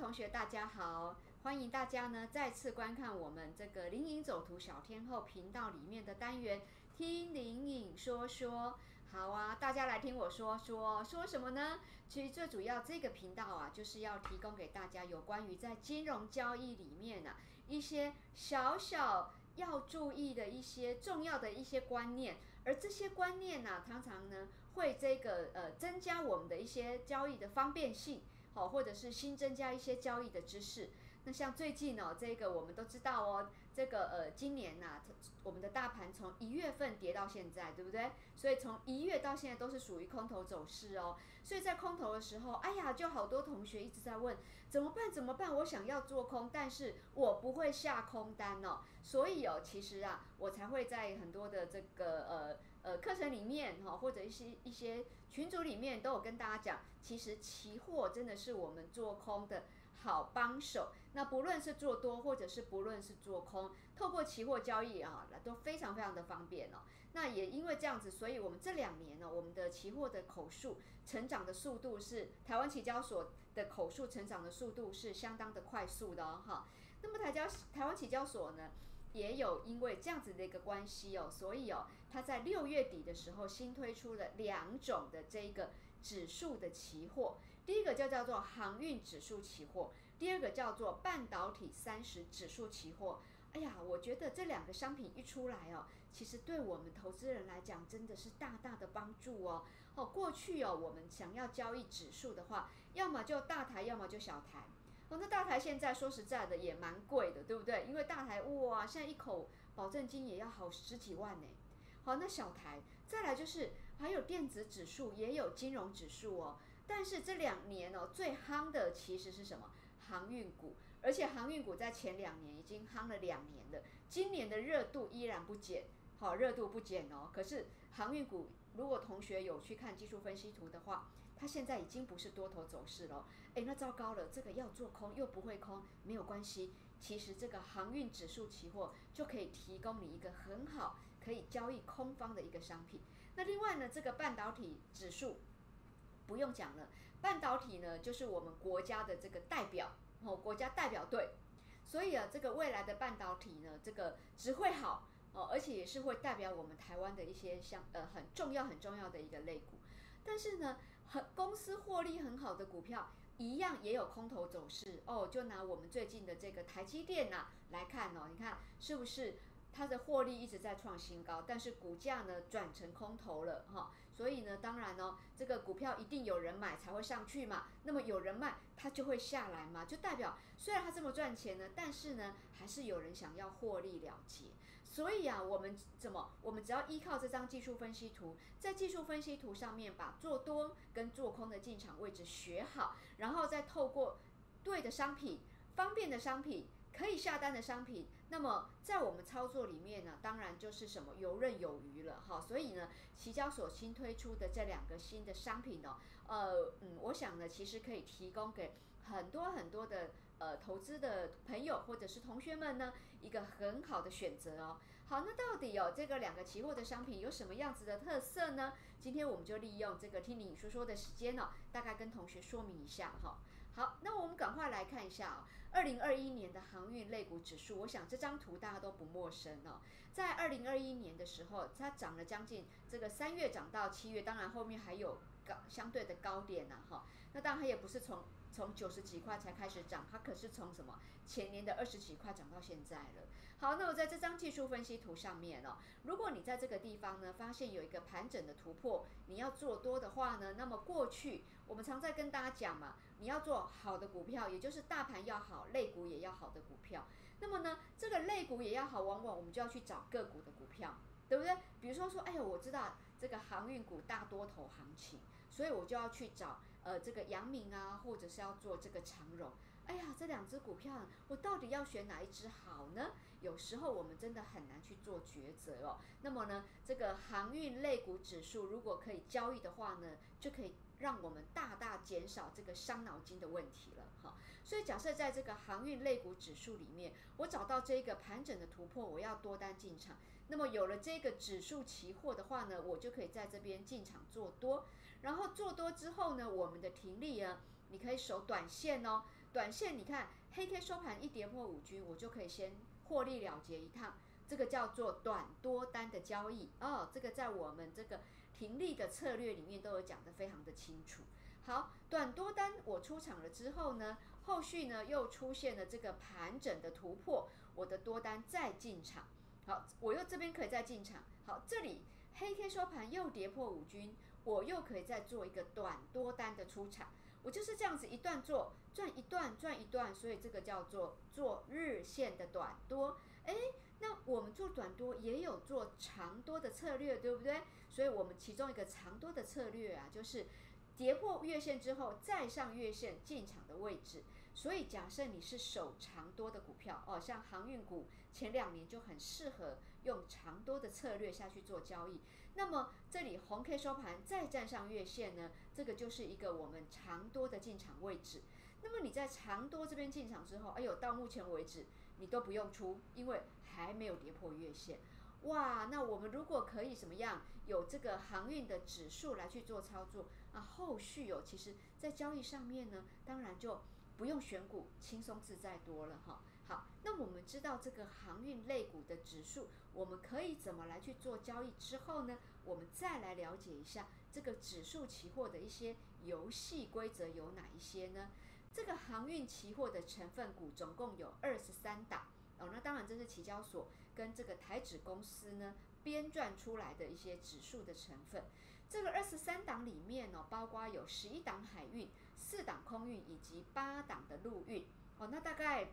同學，大家好！歡迎大家呢再次觀看我們這個林穎走圖小天后頻道裡面的單元，聽林穎說說。好啊，大家來聽我說說說什麼呢？其實最主要這個頻道啊，就是要提供給大家有關於在金融交易裡面呢、啊、一些小小要注意的一些重要的一些觀念，而這些觀念呢、啊，常常呢會這個呃增加我們的一些交易的方便性。好，或者是新增加一些交易的知識。那像最近呢，這個我們都知道哦，這個呃，今年吶，我們的大盤從一月份跌到現在，對不對？所以從一月到現在都是屬於空頭走勢哦。所以在空頭的時候，哎呀，就好多同學一直在問怎麼辦？怎麼辦？我想要做空，但是我不會下空單哦。所以哦，其實啊，我才會在很多的這個呃。呃，課程裡面哈，或者一些一些群組裡面都有跟大家講，其實期貨真的是我們做空的好幫手。那不論是做多或者是不論是做空，透過期貨交易啊，都非常非常的方便哦。那也因為這樣子，所以我們這兩年呢，我們的期貨的口數成長的速度是台灣期交所的口數成長的速度是相當的快速的哈、哦哦。那麼台交台灣期交所呢，也有因為這樣子的一個關係哦，所以哦。他在六月底的時候新推出了兩種的這個指數的期貨，第一個就叫做航運指數期貨，第二個叫做半導體三十指數期貨。哎呀，我覺得這兩個商品一出來哦，其實對我們投資人來講真的是大大的幫助哦。哦，過去哦，我們想要交易指數的話，要麼就大台，要麼就小台。哦，那大台現在說實在的也蠻貴的，對不對？因為大台哇，現在一口保證金也要好十幾萬呢、欸。好，那小台，再來就是還有電子指數，也有金融指數哦。但是這兩年哦，最夯的其實是什麼？航運股，而且航運股在前兩年已經夯了兩年了，今年的熱度依然不減，好，熱度不減哦。可是航運股，如果同學有去看技術分析圖的話，它現在已經不是多頭走勢了哦。誒，欸，那糟糕了，這個要做空又不會空，沒有關係。其實這個航運指數期貨就可以提供你一個很好。可以交易空方的一個商品。那另外呢，這個半導體指數不用講了，半導體呢就是我們國家的這個代表哦，國家代表隊。所以啊，這個未來的半導體呢，這個只會好哦，而且也是會代表我們台灣的一些像呃很重要很重要的一個類股。但是呢，很公司獲利很好的股票一樣也有空頭走勢哦。就拿我們最近的這個台積電吶來看哦，你看是不是？它的獲利一直在創新高，但是股價呢轉成空頭了哈，所以呢，當然哦，這個股票一定有人買才會上去嘛，那麼有人賣它就會下來嘛，就代表雖然它這麼賺錢呢，但是呢還是有人想要獲利了結，所以啊，我們怎麼？我們只要依靠這張技術分析圖，在技術分析圖上面把做多跟做空的進場位置學好，然後再透過對的商品、方便的商品、可以下單的商品。那麼在我們操作裡面呢，當然就是什麼游刃有餘了，哈、哦，所以呢，期交所新推出的這兩個新的商品呢、哦，呃，嗯，我想呢，其實可以提供給很多很多的呃投資的朋友或者是同學們呢，一個很好的選擇哦。好，那到底有、哦、這個兩個期貨的商品有什麼樣子的特色呢？今天我們就利用這個聽林穎說說的時間哦，大概跟同學說明一下哈、哦。好，那我們趕快來看一下、哦二零二一年的航運類股指數，我想這張圖大家都不陌生哦。在二零二一年的時候，它漲了將近這個三月漲到七月，當然後面還有高相對的高點呢、啊，哈、哦。那當然它也不是從從九十幾塊才開始漲，它可是從什麼前年的二十幾塊漲到現在了。好，那我在這張技術分析圖上面呢、哦，如果你在這個地方呢發現有一個盤整的突破，你要做多的話呢，那麼過去。我們常在跟大家講嘛，你要做好的股票，也就是大盤要好，類股也要好的股票。那麼呢，這個類股也要好，往往我們就要去找個股的股票，對不對？比如說說，哎呦，我知道這個航運股大多頭行情，所以我就要去找呃這個陽明啊，或者是要做這個長榮。哎呀，這兩只股票，我到底要選哪一只好呢？有時候我們真的很難去做抉擇哦。那麼呢，這個航運類股指數如果可以交易的話呢，就可以。讓我們大大減少這個傷腦筋的問題了哈。所以假設在這個航運類股指數裡面，我找到這一個盤整的突破，我要多單進場。那麼有了這個指數期貨的話呢，我就可以在這邊進場做多。然後做多之後呢，我們的停利啊，你可以守短線哦。短線你看，黑 K 收盤一跌破五均，我就可以先獲利了結一趟。這個叫做短多單的交易哦。這個在我們這個。平利的策略裡面都有講的非常的清楚。好，短多單我出場了之後呢，後續呢又出現了這個盤整的突破，我的多單再進場。好，我又這邊可以再進場。好，這裡黑 K 收盤又跌破五均，我又可以再做一個短多單的出場。我就是這樣子一段做賺一段賺一段，所以這個叫做做日線的短多。誒。那我們做短多也有做長多的策略，對不對？所以，我們其中一個長多的策略啊，就是跌破月線之後再上月線進場的位置。所以，假設你是守長多的股票哦，像航運股，前兩年就很適合用長多的策略下去做交易。那麼，這裡紅 K 收盤再站上月線呢，這個就是一個我們長多的進場位置。那麼，你在長多這邊進場之後，哎呦，到目前為止。你都不用出，因為還沒有跌破月線，哇！那我們如果可以什麼樣，有這個航運的指數來去做操作啊？後續有、哦、其實在交易上面呢，當然就不用選股，輕鬆自在多了哈、哦。好，那我們知道這個航運類股的指數，我們可以怎麼來去做交易？之後呢，我們再來了解一下這個指數期貨的一些遊戲規則有哪一些呢？這個航運期貨的成分股總共有二十三檔哦，那當然這是期交所跟這個台指公司呢編撰出來的一些指數的成分。這個二十三檔裡面呢、哦，包括有十一檔海運、四檔空運以及八檔的陸運哦。那大概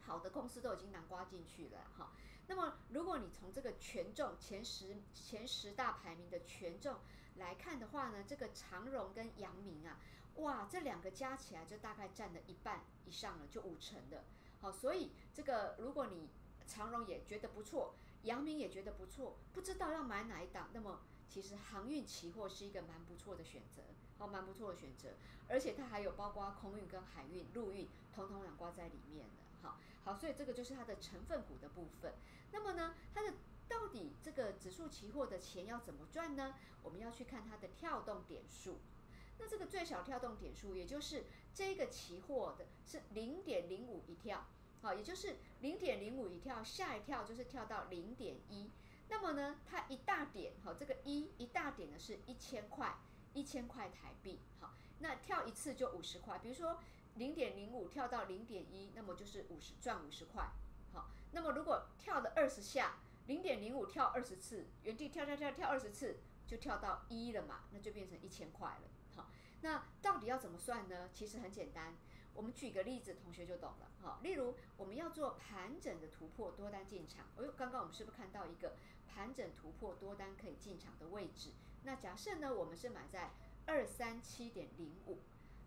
好的公司都已經囊括進去了哈、哦。那麼如果你從這個權重前十前十大排名的權重來看的話呢，這個長榮跟陽明啊。哇，這兩個加起來就大概占了一半以上了，就五成了。好，所以這個如果你長榮也覺得不錯，陽明也覺得不錯，不知道要買哪一檔，那麼其實航運期貨是一個蠻不錯的選擇，好，蠻不錯的選擇，而且它還有包括空運跟海運、陸運，統統兩掛在裡面的好，好，所以這個就是它的成分股的部分。那麼呢，它的到底這個指數期貨的錢要怎麼賺呢？我們要去看它的跳動點數。那這個最小跳動點數，也就是這個期貨的是零點零五一跳，好，也就是零點零五一跳，下一跳就是跳到零點一，那麼呢，它一大點，好，這個一一大點呢是一千塊，一千塊台幣，好，那跳一次就五十塊，比如說零點零五跳到零點一，那麼就是五十賺五十塊，好，那麼如果跳的二十下，零點零五跳二十次，原地跳跳跳跳二十次，就跳到一了嘛，那就變成一千塊了。那到底要怎麼算呢？其實很簡單，我們舉個例子，同學就懂了哈、哦。例如，我們要做盤整的突破多單進場。誒、哎，剛剛我們是不是看到一個盤整突破多單可以進場的位置？那假設呢，我們是買在二三七點零五，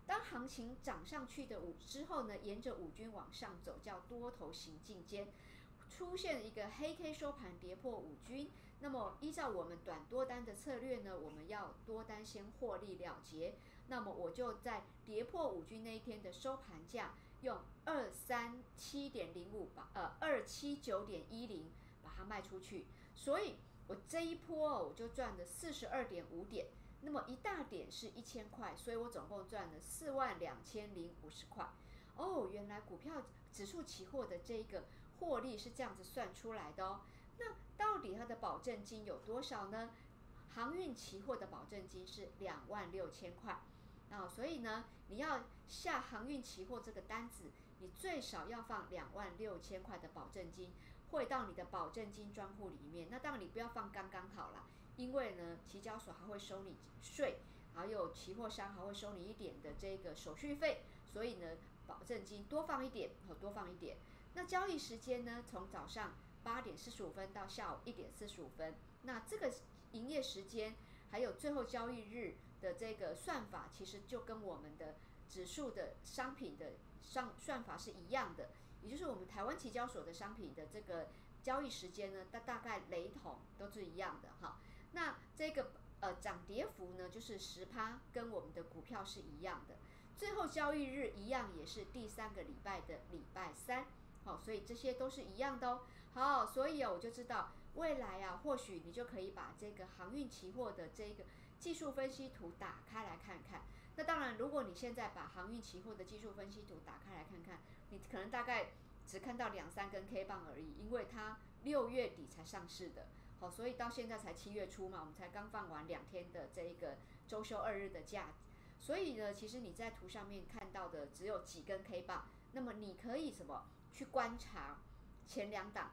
當行情漲上去的五之後呢，沿着五均往上走，叫多頭行進間，出現一個黑 K 收盤跌破五均，那麼依照我們短多單的策略呢，我們要多單先獲利了結。那麼我就在跌破五均那一天的收盤價，用二三七點零五吧，呃，二七九點一零把它賣出去，所以我這一波我就賺了四十二點五點，那麼一大點是一千塊，所以我總共賺了四萬兩千零五十塊。哦，原來股票指數期貨的這個獲利是這樣子算出來的哦。那到底它的保證金有多少呢？航運期貨的保證金是兩萬六千塊。啊、哦，所以呢，你要下航運期貨這個單子，你最少要放兩萬六千塊的保證金，匯到你的保證金專戶裡面。那當然你不要放剛剛好了，因為呢，期交所還會收你稅，還有期貨商還會收你一點的這個手續費。所以呢，保證金多放一點，多放一點。那交易時間呢，從早上八點四十五分到下午一點四十五分。那這個營業時間還有最後交易日，的這個算法其實就跟我們的指數的商品的商算法是一樣的，也就是我們台灣期交所的商品的這個交易時間呢，大大概雷同，都是一樣的哈。那這個呃漲跌幅呢，就是十趴，跟我們的股票是一樣的。最後交易日一樣，也是第三個禮拜的禮拜三。好，所以這些都是一樣的哦。好，所以啊、哦，我就知道未來啊，或許你就可以把這個航運期貨的這個。技術分析圖打開來看看，那當然，如果你現在把航運期貨的技術分析圖打開來看看，你可能大概只看到兩三根 K 棒而已，因為它六月底才上市的，好，所以到現在才七月初嘛，我們才剛放完兩天的這一個周休二日的假，所以呢，其實你在圖上面看到的只有幾根 K 棒，那麼你可以什麼去觀察前兩檔，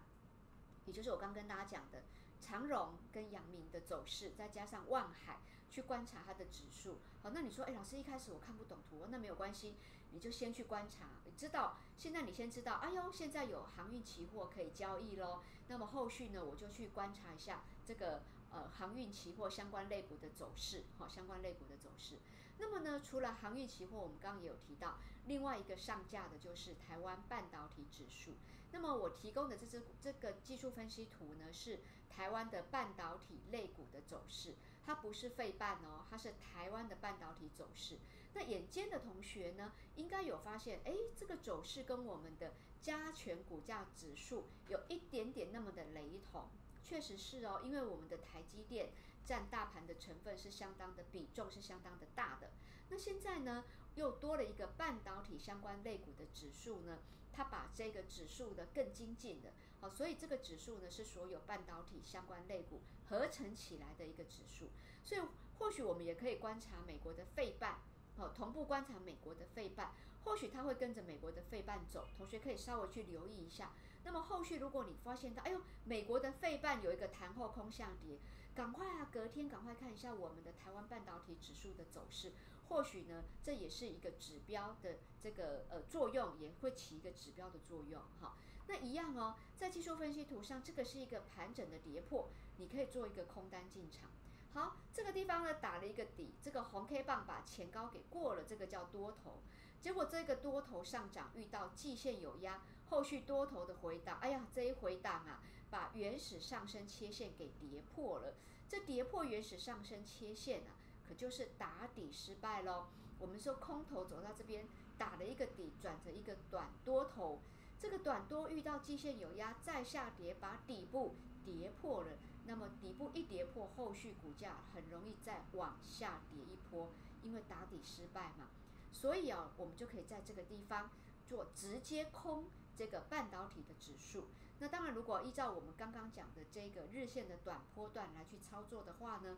也就是我剛跟大家講的長榮跟陽明的走勢，再加上萬海。去觀察它的指數，好，那你說，哎，老師一開始我看不懂圖，那沒有關係，你就先去觀察，知道現在你先知道，哎喲，現在有航運期貨可以交易嘍。那麼後續呢，我就去觀察一下這個呃航運期貨相關類股的走勢，好、哦，相關類股的走勢。那麼呢，除了航運期貨，我們剛剛也有提到，另外一個上架的就是台灣半導體指數。那麼我提供的這隻這個技術分析圖呢，是台灣的半導體類股的走勢。它不是費半哦，它是台灣的半導體走勢。那眼尖的同學呢，應該有發現，誒、欸，這個走勢跟我們的加權股價指數有一點點那麼的雷同。確實是哦，因為我們的台積電佔大盤的成分是相當的比重，是相當的大的。那現在呢，又多了一個半導體相關類股的指數呢，他把這個指數的更精進的，好，所以這個指數呢，是所有半導體相關類股合成起來的一個指數，所以或許我們也可以觀察美國的費半，好，同步觀察美國的費半，或許它會跟着美國的費半走，同學可以稍微去留意一下。那麼後續如果你發現到，哎呦，美國的費半有一個彈後空向跌，趕快啊，隔天趕快看一下我們的台灣半導體指數的走勢。或許呢，這也是一個指標的這個呃作用，也會起一個指標的作用哈。那一樣哦，在技術分析圖上，這個是一個盤整的跌破，你可以做一個空單進場。好，這個地方呢打了一個底，這個紅 K 棒把前高給過了，這個叫多頭。結果這個多頭上漲遇到季線有壓，後續多頭的回檔，哎呀，這一回檔啊，把原始上升切線給跌破了。這跌破原始上升切線啊。就是打底失敗嘍。我們說空頭走到這邊打了一個底，轉成一個短多頭。這個短多遇到季線有壓，再下跌把底部跌破了。那麼底部一跌破，後續股價很容易再往下跌一波，因為打底失敗嘛。所以啊，我們就可以在這個地方做直接空這個半導體的指數。那當然，如果依照我們剛剛講的這個日線的短波段來去操作的話呢，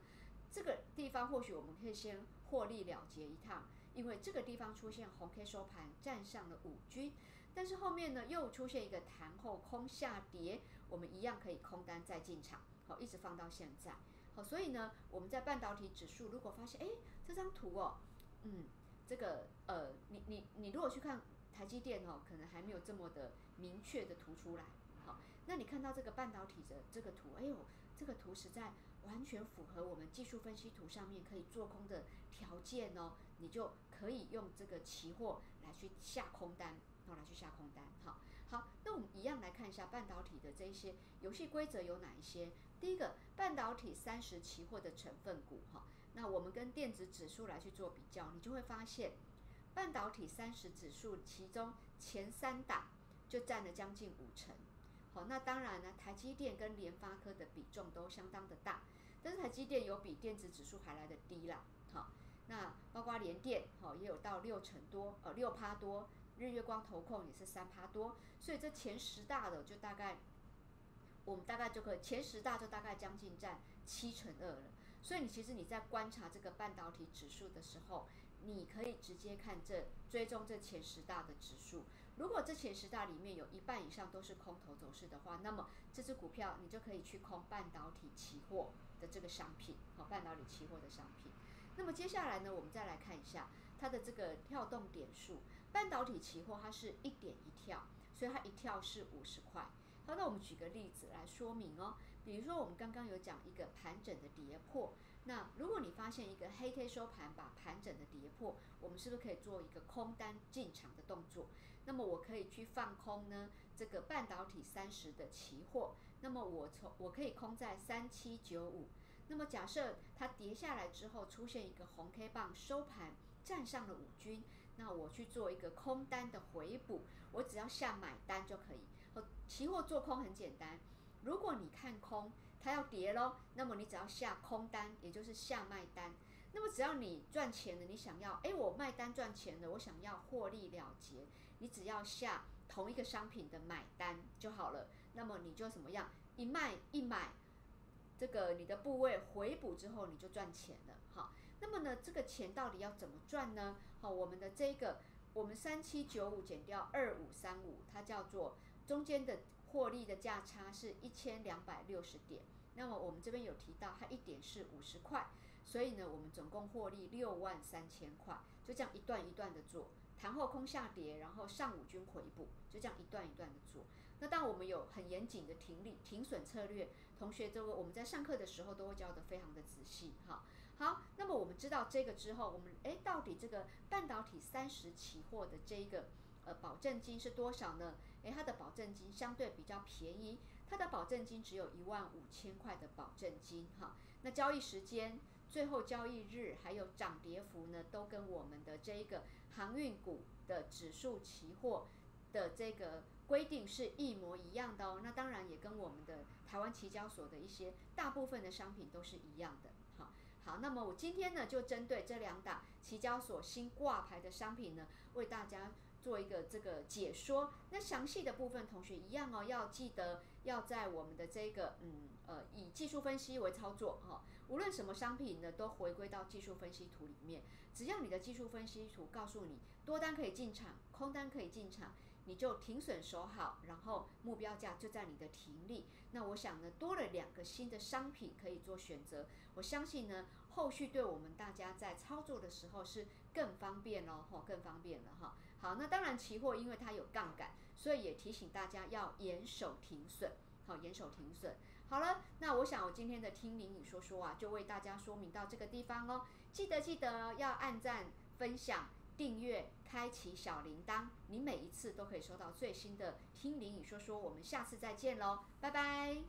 這個地方或許我們可以先獲利了結一趟，因為這個地方出現紅 K 收盤站上了五均，但是後面呢又出現一個彈後空下跌，我們一樣可以空單再進場，好、哦，一直放到現在，好、哦，所以呢我們在半導體指數如果發現，哎，這張圖哦，嗯，這個呃，你你你如果去看台積電哦，可能還沒有這麼的明確的圖出來，好、哦，那你看到這個半導體的這個圖，哎呦，這個圖實在。完全符合我們技術分析圖上面可以做空的條件哦，你就可以用這個期貨來去下空單，來去下空單。好，好，那我們一樣來看一下半導體的這一些遊戲規則有哪一些。第一個，半導體三十期貨的成分股哈，那我們跟電子指數來去做比較，你就會發現半導體三十指數其中前三檔就佔了將近五成。好，那當然呢，台積電跟聯發科的比重都相當的大，但是台積電有比電子指數還來的低啦。好，那包括聯電，也有到六成多，呃，六趴多，日月光投控也是三趴多，所以這前十大的就大概，我們大概就可以前十大就大概將近占七成二了。所以你其實你在觀察這個半導體指數的時候，你可以直接看這追蹤這前十大的指數。如果這前十大裡面有一半以上都是空頭走勢的話，那麼這隻股票你就可以去空半導體期貨的這個商品，好，半導體期貨的商品。那麼接下來呢，我們再來看一下它的這個跳動點數。半導體期貨它是一點一跳，所以它一跳是五十塊。好，那我們舉個例子來說明哦。比如說我們剛剛有講一個盤整的跌破，那如果你發現一個黑 K 收盤把盤整的跌破，我們是不是可以做一個空單進場的動作？那麼我可以去放空呢，這個半導體三十的期貨，那麼我從我可以空在三七九五。那麼假設它跌下來之後出現一個紅 K 棒收盤站上了五均，那我去做一個空單的回補，我只要下買單就可以。期貨做空很簡單，如果你看空它要跌嘍，那麼你只要下空單，也就是下賣單。那麼只要你賺錢了，你想要，誒，我賣單賺錢了，我想要獲利了結。你只要下同一個商品的買單就好了，那麼你就怎麼樣一賣一買，這個你的部位回補之後你就賺錢了，好，那麼呢這個錢到底要怎麼賺呢？好，我們的這個我們三七九五減掉二五三五，它叫做中間的獲利的價差是一千兩百六十點，那麼我們這邊有提到它一點是五十塊，所以呢我們總共獲利六萬三千塊，就這樣一段一段的做。前後空下跌，然後上午均回補，就這樣一段一段的做。那當我們有很嚴謹的停利、停損策略，同學都我們在上課的時候都會教得非常的仔細哈。好，那麼我們知道這個之後，我們誒到底這個半導體三十期貨的這一個呃保證金是多少呢？誒，它的保證金相對比較便宜，它的保證金只有一萬五千塊的保證金哈。那交易時間。最後交易日還有漲跌幅呢，都跟我們的這一個航運股的指數期貨的這個規定是一模一樣的哦。那當然也跟我們的台灣期交所的一些大部分的商品都是一樣的。好，好，那麼我今天呢，就針對這兩檔期交所新掛牌的商品呢，為大家。做一個這個解說，那詳細的部分同學一樣哦，要記得要在我們的這個嗯呃以技術分析為操作哈、哦，無論什麼商品呢，都回歸到技術分析圖裡面，只要你的技術分析圖告訴你多單可以進場，空單可以進場，你就停損守好，然後目標價就在你的停利。那我想呢，多了兩個新的商品可以做選擇，我相信呢，後續對我們大家在操作的時候是，更方便咯，吼、哦，更方便了哈、哦。好，那當然，期貨因為它有槓桿，所以也提醒大家要嚴守停損，好、哦，嚴守停損。好了，那我想我今天的聽林穎說說啊，就為大家說明到這個地方哦。記得記得要按讚、分享、訂閱、開啟小鈴鐺，你每一次都可以收到最新的聽林穎說說。我們下次再見嘍，拜拜。